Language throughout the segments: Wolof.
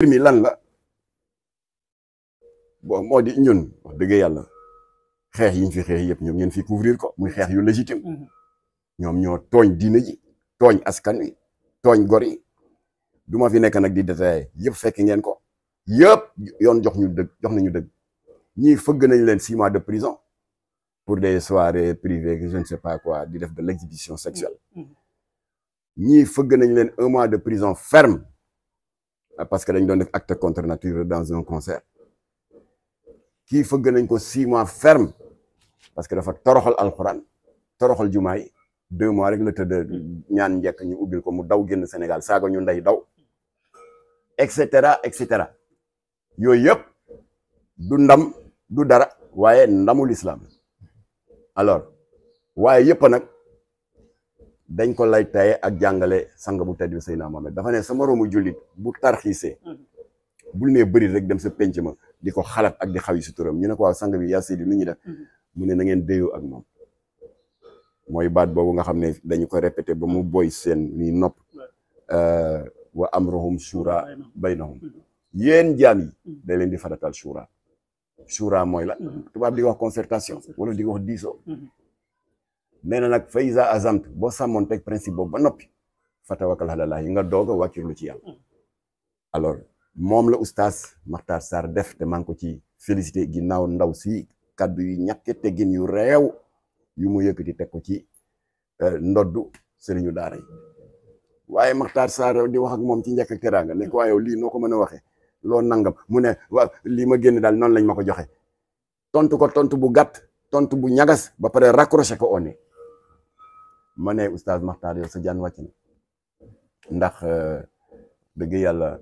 mbir mi lan la bon moo di ñun wax dëgg yàlla xeex yi ñu fi xeex yëpp ñoom ngeen fi couvrir ko muy xeex yu légitime mm-hmm. ñoom ñoo tooñ diina ji tooñ askan wi tooñ gor yi du ma fi nekk nag di détaillé yëpp fekk ngeen ko yëpp yoon jox ñu dëgg jox nañu dëgg ñii fëgg nañ leen si mois de prison pour de soirées privées que je ne sais pas quoi di def de l'exhibition sexuelle mm-hmm. ñii fëgg nañ leen un mois de prison ferme Euh, parce que dañ doon def acte contre nature dans un concert kii fëgg nañ ko six mois parce que dafa toroxal alxuraan toroxal jumaay deux mois rek la tëdd ñaan njekk ñu ubbil ko mu daw génn Sénégal saaga ñu ndey daw et cetera et cetera yooyu yëpp du ndam du dara waaye ndamu islam alors waaye yëpp nag. dañ ko lay taye ak jàngale sang bu tedd bi naa Mohamed dafa ne sa moroomu jullit bu tarxiisee mhm. bul ne bëri rek dem sa penc ma di ko xalaat ak di xaw yi si turam ñu ne ko waaw sang bi yaa Seydi mu ñu def mhm. mu ne na ngeen déyoo ak moom mooy baat boobu nga xam ne dañu ko répété ba mu boy seen ni nopp euh, wa am amruhum shura baynahum yéen jaam yi mhm. da leen di faratal shura shura mooy la tubaab di ko wax concertation wala di ko wax diisoo nee na nag fa iza boo sàmmoon teg principe boobu ba noppi fatawakkal alallah yi nga doog a wàccirlu ci yàlla alors moom la oustaz Makhtar Sarr def te maa ngi ko ci félicité ginnaaw ndaw si kaddu yu ñàkke teggin yu reew yu mu yëkkati teg ko ci euh, ndoddu sëriñu daara yi waaye Makhtar Sarr di wax ak moom ci njëkk ak teraanga ne ko waaye lii noo ko mën a waxee loo nangam mu ne waaw lii ma génne daal noonu lañ ma ko joxe tontu ko tontu bu gàtt tontu bu ñagas ba pare raccroché ko one ma ne oustaz Makhtar yow sa jaan wàcc na ndax euh, dëgg yàlla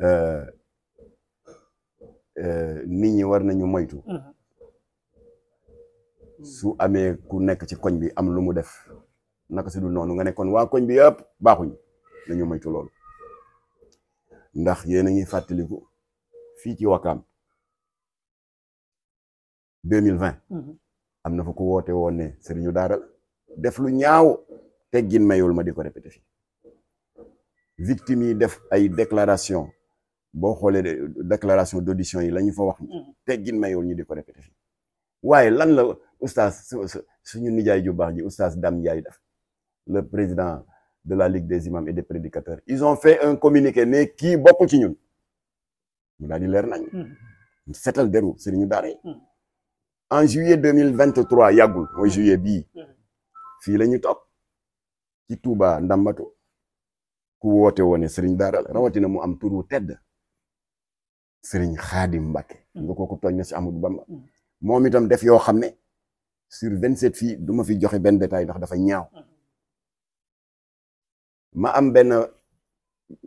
euh, euh, nit ñi war nañu moytu su amee ku nekk ci koñ bi am lu mu def naka si dul noonu nga nekkoon waa koñ bi yëpp baaxuñ nañu moytu loolu ndax yéen a ngi fàttaliku fii ci Wakaam 2020 am na fa ku woote woon ne sëriñu daara def lu ñaaw teggin mayul ma di ko répété fii victime yi def ay déclaration boo xoolee déclaration d'audition yi la ñu fa wax mm-hmm. teggin mayul ñu di ko répété fii waaye lan la oustaz suñu nijaay ju baax ji oustaz Dame Ndiaye def le président de la ligue des imams et des prédicateurs ils ont fait un communiqué ne kii bokk ci ñun mu daal leer nañ mm-hmm. setal deru sëriñu ñu yi mm-hmm. en juillet deux mille vingt trois yàggul mooy juillet bii fii la ñu toog ci Touba Ndambatu ku woote woone sëriñ daaral rawatina mu am turu tedd sëriñ Xaadim Mbàkke nga kooku tooñ na si Amadou Bamba mm. moom itam def yoo xam ne sur vingt sept fii duma fi joxe benn détail ndax dafa ñaaw mm. ma am benn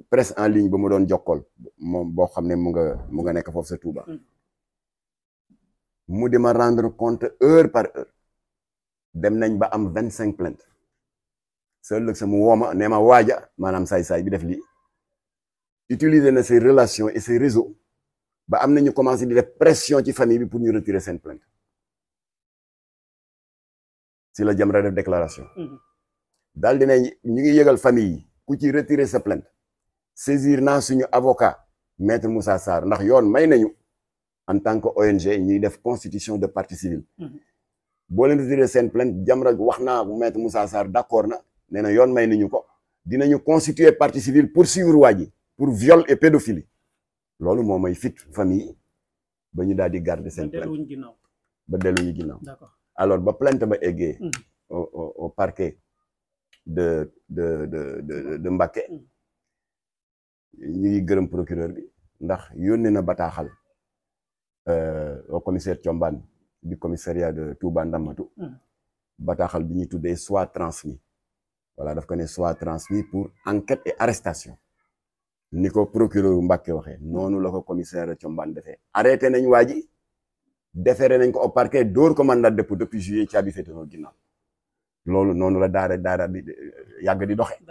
presse en ligne ba mu doon jokkool moom boo xam ne mu nga mu nga nekk foofu sa Touba mm. mu di ma rendre compte heure par heure dem nañ ba am vingt cinq plaintes sa ëllëg sa mu wooma nee ma waaja manaam saay-saay bi def lii utiliser na ses relation et ses réseaux ba am nañu ñu commencé di def pression ci famille bi pour ñu retirer seen plainte si la Jamra def déclaration mm-hmm. daal dina ñu ngi yëgal famille yi ku ci retirer sa plainte saisir naa suñu avocat maître Moussa Sarr ndax yoon may nañu en tant que ONG ñuy def constitution de partie civile mm-hmm. boo leen retiré seen plainte Jamra wax naa ak maître Moussa Sarr d'accord na nee na yoon may nañu ko dinañu constituer partie civile poursuivre waa ji pour viol et pédophilie loolu moo may fit famille ba ñu daal di garder seen plainte ba ñu ginnaaw alors ba plainte ba eggee mm. au au au parquet de de de de de Mbacké mm. ñu ngi gërëm procureur bi ndax yónnee na bataaxal euh, au commissaire Thiombane du commissariat de Touba Ndamatou hmm. bataaxal bi ñuy tuddee soit transmis voilà daf ko ne soit transmis pour enquête et arrestation ni ko procureur Mbàkke waxee noonu la ko commissaire de Thiombane defee arrêté nañ waa ji nañ ko au parquet dóor ko mandat de dépôt depuis juillet caabi féeténoo ginnaaw loolu noonu la daara daara di yàgg di doxee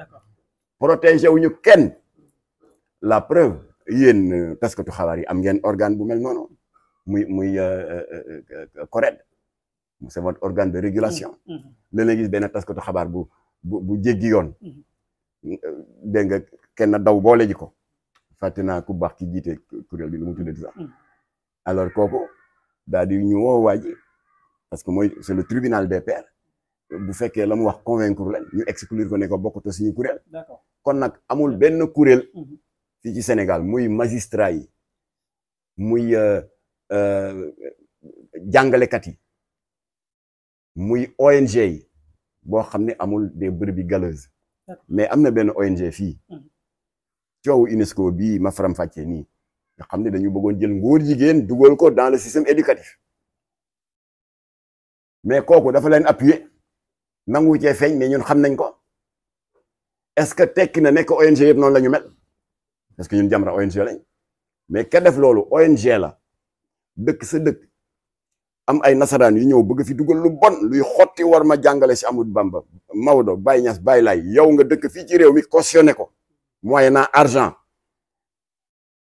protégé wuñu kenn la preuve yéen taskatu xabaar yi am ngeen organe bu mel noonu muy muy euh, euh, euh, CORED c'est votre organe de régulation mm-hmm. Mm-hmm. léeg-léeg benn taskatu xabaar bu bu bu jéggi yoon mm-hmm. dégg nga kenn daw boole ji ko fàtte naa ku baax ki jiite kuréel bi lu mu tuddati sax alors kooku daal di ñu woo waa parce que mooy c'est le tribunal des pairs bu fekkee la mu wax convaincre leen ñu exclure ko ko bokkutoo suñu kuréel kon nag amul benn kuréel fii ci Sénégal muy magistrat yi muy Euh, jàngalekat yi muy ONG yi boo xam ne amul des brebis galeuses mais am na benn ONG fi hmm. coowu UNESCO bii ma faram fàccee nii nga xam ne dañu bëggoon jël ngóor jigéen dugal ko dans le système éducatif mais kooku dafa leen appuyer nangu cee feeñ mais ñun xam nañ ko est-ce que tekki na nekk ONG yëpp noonu lañu ñu mel parce que ñun Jamra ONG lañ mais ka def loolu ONG la dëkk sa dëkk am ay nasaraan yu ñëw bëgg fi dugal lu bon luy xotti war ma jàngale si amul Bamba Maodo Baye Niass Baye Laye yow nga dëkk fii ci réew mi cautionné ko moyennant argent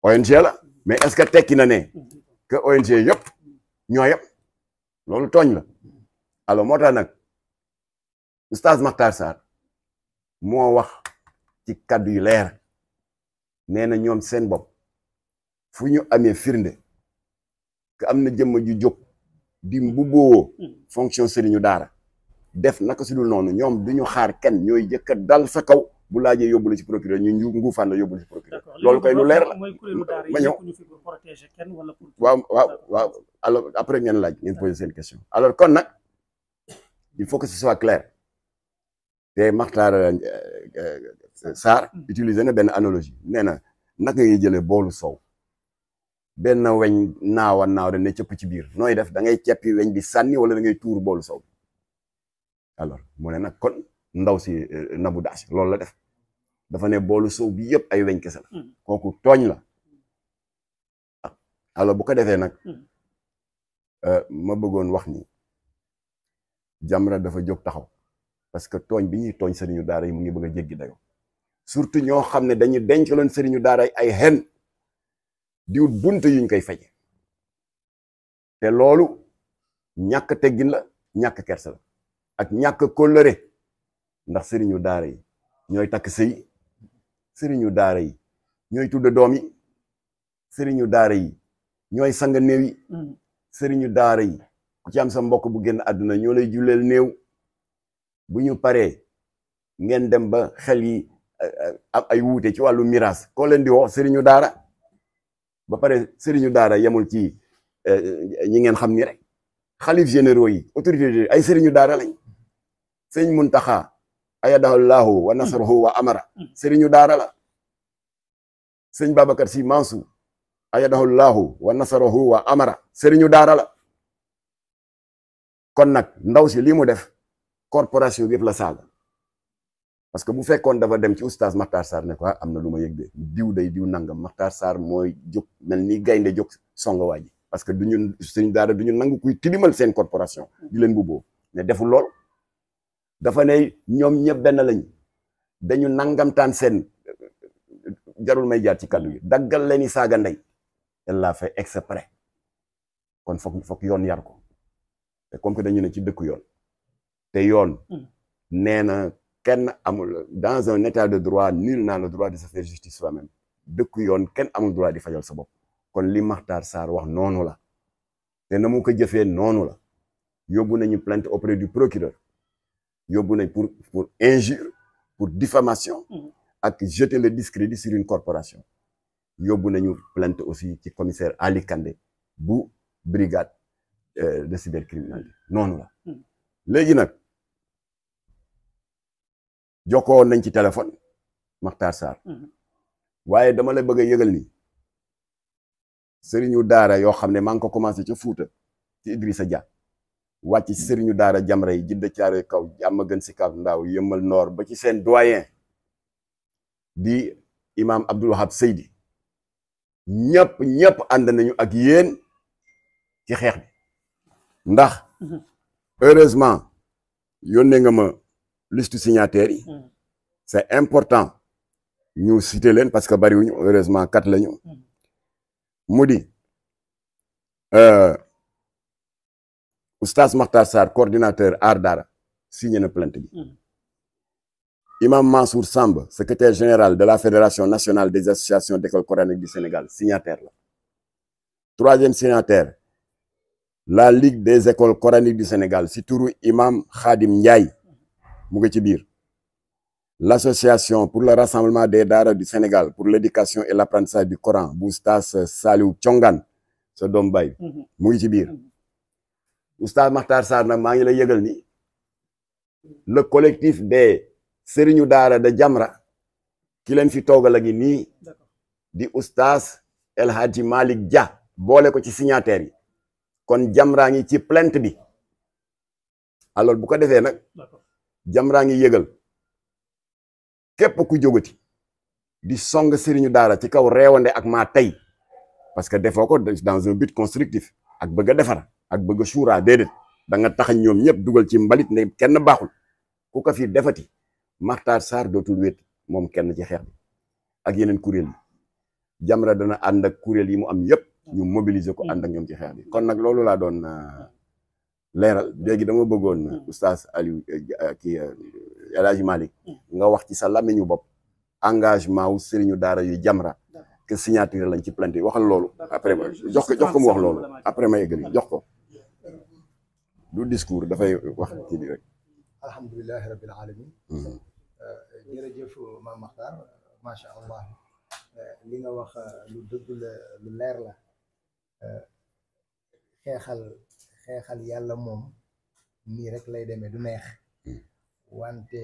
ONG la mais est-ce que tekki na ne que ONG yëpp ñoo yëpp loolu tooñ la alors moo tax nag oustaz Makhtar Sarr moo wax ci kàddu yu leer nee na ñoom seen bopp fu ñu amee firnde am na jëmm ju jóg di mbubboo fonction sëriñu daara def naka si dul noonu ñoom du ñu xaar kenn ñooy jëkk dal sa bu laajee yóbbu la ci procureur ñu nguufaan la yóbbu la ci procureur loolu koy lu leer la ma ñëw waaw waaw après ngeen laaj ngeen posé seen question alors kon nag il faut que ce soit clair te Makhtar euh, euh, Sarr hmm. utiliser na benn analogie nee na naka ngay jëlee boolu soow benn weñ naawa naaw dañ ne cëpp ci biir nooy def da ngay ceppi weñ bi sànni wala da ngay tuur boolu sow alors mu ne nag kon ndaw si euh, Nabou Dash loolu la def dafa ne boolu sow bi yëpp ay weñ kese la hmm. kooku tooñ la ah, alors bu ko defee nag hmm. euh, ma bëggoon wax ni Jamra dafa jóg taxaw parce que tooñ bi ñuy tooñ sëriñu daara yi mu ngi bëgg a jéggi dayo surtout ñoo xam ne dañu denc loon sëriñu daara ay xen diw wut bunte yuñ koy faje te loolu ñàkk teggin la ñàkk kersa la ak ñàkk kóllëre ndax sëriñu daara yi ñooy takk sëy sëriñu daara yi ñooy tudd doom yi sëriñu daara yi ñooy sang néew mm. sëriñu daara yi ku ci sa mbokk bu génn àdduna ñoo lay julleel néew bu ñu paree ngeen dem ba xel yi am ay wuute ci wàllu miraas koo leen di woo sëriñu daara ba pare sëriñu daara yemul ci eh, ñi ngeen xam ni rek xalif généraux yi ay seriñu daara lañ sëñ Muntaxa ayadahullahu wa nasruhu wa amara sëriñu daara la sëñ Babacar Si Mansour ayadahullahu wa nasruhu wa amara sëriñu daara la kon nag ndaw si lii mu def corporation bi yëpp la saaga parce que bu fekkoon dafa dem ci oustaz Makhtar Sarr ne ko ah, am na lu ma yegg de diw day diw nangam Makhtar saar mooy jóg mel ni gaynde jóg songa waa ji parce que du ñu suñu daara du ñu nangu kuy tilimal seen corporation di leen bubboo mais defu lool dafa ne ñoom ñëpp benn lañ dañu nangamtaan seen jarul may jaar ci kàddu yi daggal leen i saaga ndey elle l'a fait exprès kon foog foog yoon yar ko te comme dañu ne ci dëkku yoon te yoon hmm. nee kenn amul dans un état de droit nul n'a le droit de se faire justice soi dëkku yoon kenn amul droit di fajal sa bopp kon li Makhtar saar wax noonu la te na mu ko jëfee noonu la yóbbu nañu plainte auprès du procureur yóbbu nañ pour pour injure pour diffamation mm-hmm. ak jeter le discrédit sur une corporation yóbbu nañu plainte aussi ci commissaire Ali Kandé bu brigade euh, de cybercriminalité noonu la mm-hmm. léegi nag jokkoon nañ ci téléphone Makhtar Sarr mm-hmm. waaye dama la bëgg a yëgal ni sëriñu daara yoo xam ne maa ngi ko commencé ca Fuuta ci Idrissa Dia wàcc ci sëriñu daara Jamra yi Jidda Caaroy kaw jàmm gën si kaw ndaaw yemal noor ba ci seen doyen di imaam Abdul Wahab Seydi ñëpp ñëpp ànd nañu ak yéen ci xeex bi ndax mm-hmm. heureusement yónnee nga ma liste signataires yi. Hmm. c'est important ñu citer leen parce que bariwuñu heureusement kat la ñu. Hmm. mu di euh, oustaz Makhtar Sarr coordinateur Aar Daara signé na plainte bi. Hmm. imam Mansour Samb secretaire général de la fédération nationale des associations d'écoles coraniques du Sénégal signataire la. troisième signataire la ligue des écoles coraniques du Sénégal si turu imam Khadim Ndiaye. mu ngi ci biir l'association pour la rassemblement des daara du Sénégal pour l'éducation et l'apprentissage bi Coran bu Oustaz Saliou congan sa doom bay mhm. mu ngi ci biir mhm. Oustaz maxtar Sarr nag maa ngi lay yëgal ni le collectif des sëriñu daara de Jamra ki leen fi toogal a ngi nii di Oustaz El Hadji Malick Dia boole ko ci signataires yi kon jamraa ngi ci plainte bi alors bu ko defee nag Jamra ngi yëgal képp ku jógati di song sëriñu daala ci kaw reewande ak maa tey parce que defoo ko dans un but constructif ak bëgg defar ak bëgg suuraa déedéet da nga tax ñoom ñëpp dugal ci mbalit ne kenn baaxul ku ko fi defati Makhtar Sarr dootul wéet moom kenn ci xeex bi ak yeneen kuréel yi Jamra dana ànd ak kuréel yi mu am yëpp ñu mobiliser ko ànd ak ñoom ci xeex bi kon nag loolu laa doon. Euh, leeral léegi dama bëggoon hmm. oustaz Aliou eh, eh, kii eh, El Hadj Malick hmm. nga wax ci sa làmmiñu bopp engagement wu sëriñu daara yu Jamra que signature lañ ci plainte yi waxal loolu après ma jox ko jox ko mu wax loolu après ma jox ko hmm. du discours dafay wax kii bi rek alhamdulilahi rabbil alamin jërëjëf Mame ma macha allah li nga wax lu dëgg lu leer la xeexal xeexal yàlla moom nii rek lay demee du neex hmm. wante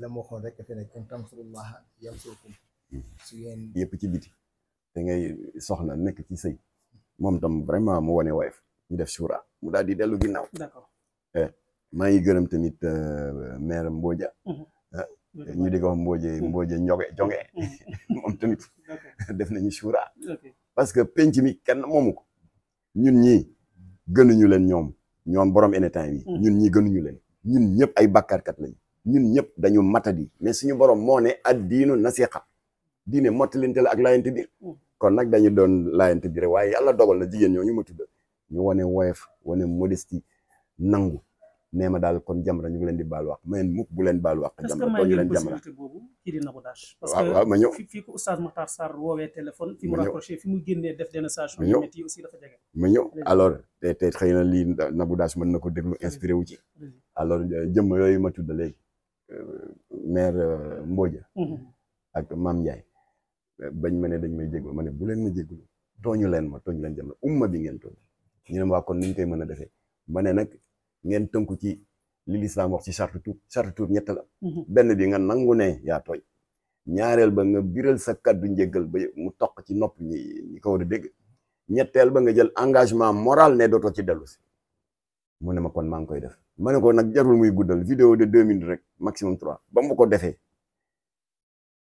la ma waxoon rek dafa nekk in tansurullaha yansurkum hmm. su ngeen yëpp ci biti te ngay soxna nekk ci sëy moom tam vraiment mu wane woyof ñu def suura mu daal di dellu ginnaaw. d'accord eh, maa ngi gërëm tamit euh, maire Mbodja. Mhm. Ah, ñu di ko wax Mbodja hmm. Mbodja Njoge Jonge moom tamit def nañu suura. parce que penc mi kenn moomu ñun ñii. gënuñu leen ñoom ñoom borom énétain yi hmm. ñun ñi gënuñu leen ñun ñëpp ay bàkkaarkat lañ ñun ñëpp mata di mais suñu borom moo ne ad diinu nasiha diine mottalinte la ak laayante biir hmm. kon nag dañu doon laayante biir waaye yàlla dogal na jigéen ñu ma tudd ñu wane woyof wane modestie nangu nee ma daal kon Jamra ñu ngi leen di baal wax mais mukk bu leen baal wax. Jamra ñu leen Jamra boobu kii di Nabou Dash. parce que fi fi ko Oustaz Makhtar Sarr woowee téléphone. fi fi mu génnee def dénonciation. ma ma ñëw alors te xëy na lii Nabou Dash mën na ko déglu inspiré wu ci. alors euh, jëmm yooyu ma tudd léegi euh, euh, mhm. ak Mame Ndiaye. bañ ma ne dañ may jégalu ma ne bu leen ma jégalu tooñu leen ma leen Jamra umma bi ngeen tooñ ñu ne ma waa kon ni ñu koy mën a defee ma ne nag ngeen tënku ci li lislaam wax ci charte tuub charte tuub ñett la mhm. benn bi nga nangu ne yaa tooñ ñaareel ba nga biral sa kàddu njéggal ba mu toq ci nopp ñi ñi ko war a dégg ñetteel ba nga jël engagement moral ne dootoo ci dellu si mu ne ma kon maa ngi koy def ma ne ko nag jarul muy guddal vidéo de deux minutes rek maximum trois ba mu ko defee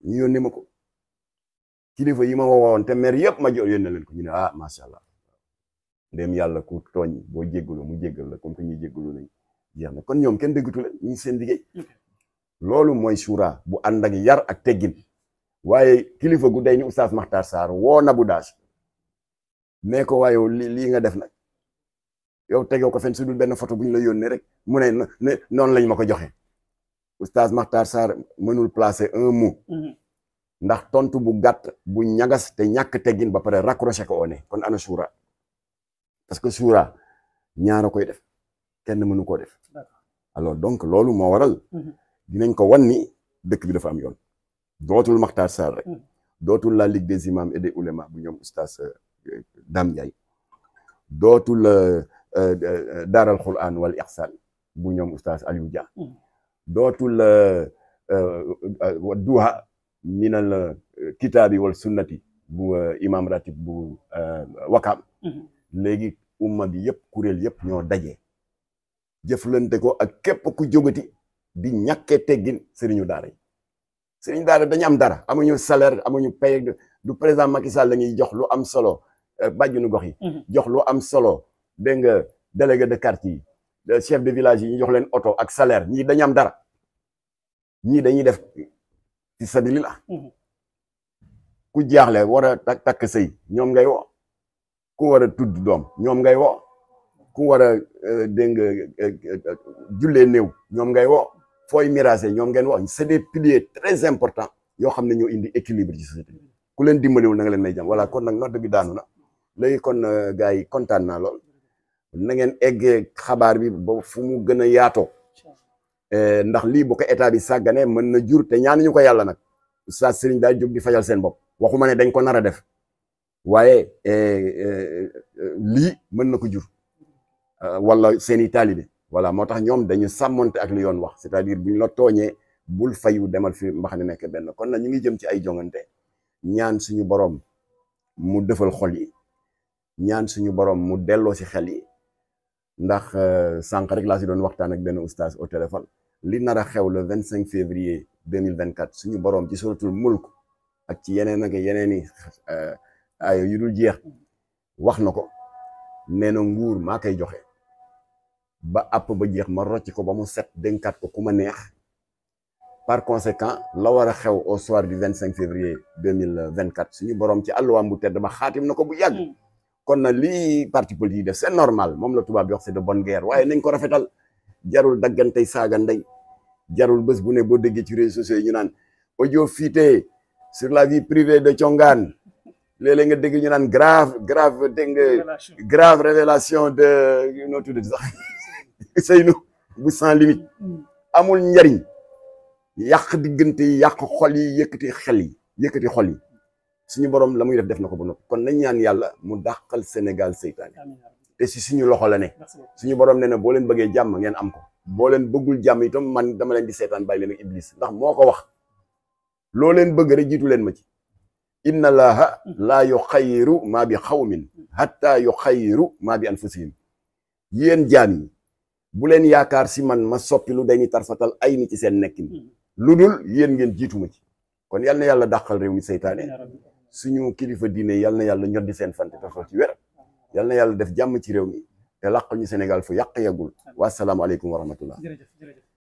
ñu yónnee ma ko kilifa yi ma woowoon te maire yëpp ma jor yónnee leen ko ñu ne ah macha allah ndéem yàlla ku tooñ boo jéggalu mu jéggal la comme que ñuy jéggalu nañ jeex na kon ñoom kenn déggatu la ñu seen liggéey loolu mooy suura bu ànd ak yar ak teggin waaye kilifa gu day ni oustaz Makhtar Sarr woo na daas nee ko waaye li lii nga def nag yow tegoo ko fen su dul benn photo bu ñu la yónnee rek mu ne ne noonu lañ ma ko joxe oustaz Makhtar Sarr mënul placer un mot mhm. ndax tontu bu gàtt bu ñagas te ñàkk teggin ba pare raccroché ko one kon ana suura parce que suura ñaara koy def kenn mënu koo def alors donc loolu moo waral mhm. dinañ ko wan ni dëkk bi dafa am yoon dootul Makhtar Sarr rek mhm. dootul la Ligue des imams et des oulémas bu ñoom oustaz euh, Dame dootul euh, euh, daaral Quran wal Ihsan bu ñoom oustaz Aliou Dia mhm. dootul duha minal kitaabi wal sunnati bu imam ratib bu wakaam léegi umma bi yëpp kuréel yëpp ñoo daje jëflante ko ak képp ku jógati di ñàkkee teggin sëriñu daara yi sëriñu daara dañu am dara amuñu salaire amuñu paye du président Macky Sall la jox lu am solo euh, bàjjunu gox yi. Mhm. jox lu am solo dégg nga délégué de quartier yi chef de village yi ñu jox leen oto ak salaire ñii dañu am dara ñii dañuy def ci sabilillah mhm. ku jaaxle war a takk ñoom ngay woo. ku war a tudd doom ñoom ngay wo ku war a euh, dégg nga euh, jullee néew ñoom ngay wo fooy miraase ñoom ngeen woo c'est des piliers très importants yoo xam ne ñoo indi équilibre ci société ku leen dimbaliwul na leen may jàmm voilà kon nag nodd bi daanu na léegi kon euh, gars yi kontaan naa lool na ngeen eggee xabaar bi ba fu mu gën a yaatoo ndax lii bu ko état bi sàgganee mën na jur te ñu ko yàlla nag Oustaz Serigne daa jóg di fajal seen bopp waxuma ne dañ ko nar a def waaye eh, eh, eh, lii mën na ko jur ah, wala seeni taalibe voilà moo tax ñoom dañu sàmmonte ak li yoon wax c'est-à-dire bu ñu la tooñee bul fayu demal fi mbaxane nekk benn kon na ñu ngi jëm ci ay joŋante ñaan suñu boroom mu defal xol yi ñaan suñu boroom mu delloo si xel yi ndax sànq rek laa si doon waxtaan ak benn oustaz au téléphone li nara a xew le vingt cinq février deux mille vingt quatre suñu boroom ci suratul mulk ak ci yeneen ak yeneen i ayo yu dul jeex wax na ko nee na nguur maa koy joxe ba app ba jeex ma rocc ko ba mu set dénkaat ko ku ma neex par conséquent la war a xew au soir du vingt cinq février deux mille vingt quatre suñu borom ci àlluwaam bu tedd ba xaatim na ko bu yàgg. Mm. kon na lii parti politique yi def c'est normal moom la tubaab bi wax c'est de bonne guerre waaye nañ ko rafetal jarul daggantey saaga jarul bés bu ne boo déggee ci réseaux sociaux yi ñu naan audio fuité sur la vie privée de Thiongane. léeg nga dégg ñu naan grave grave dégg nga grave révélation de noo tudd sax Seynou bu sans limite hmm. amul njariñ yàq diggante yi yàq xol yi yëkkati xel yi yëkkati xol yi suñu borom la muy def def na ko ba noppi kon nañ ñaan yàlla mu dàqal Sénégal seytaane te si suñu loxo la ne suñu borom nee na boo leen bëggee jàmm ngeen am ko boo leen bëggul jàmm yi itam man dama leen di seytaan bàyyi leen ak iblis ndax moo ko wax loo leen bëgg rek jiitu leen ma ci inna allaha hmm. laa yuxayiru maa bi xawmin hatta yuxayiru maa bi anfusihim yéen jaam yi bu leen yaakaar si man ma soppi day ni tarfatal ay ni ci seen nekkin hmm. lu dul yéen ngeen jiituma ci kon yal na yàlla dàqal réew mi seytaane suñu kilifa diine yal na yàlla ñoddi seen fante tafal ci wér yal na yàlla def jàmm ci réew mi te làq ñu Sénégal fu yàq yeggul wa salaamu aleykum wa rahmatullah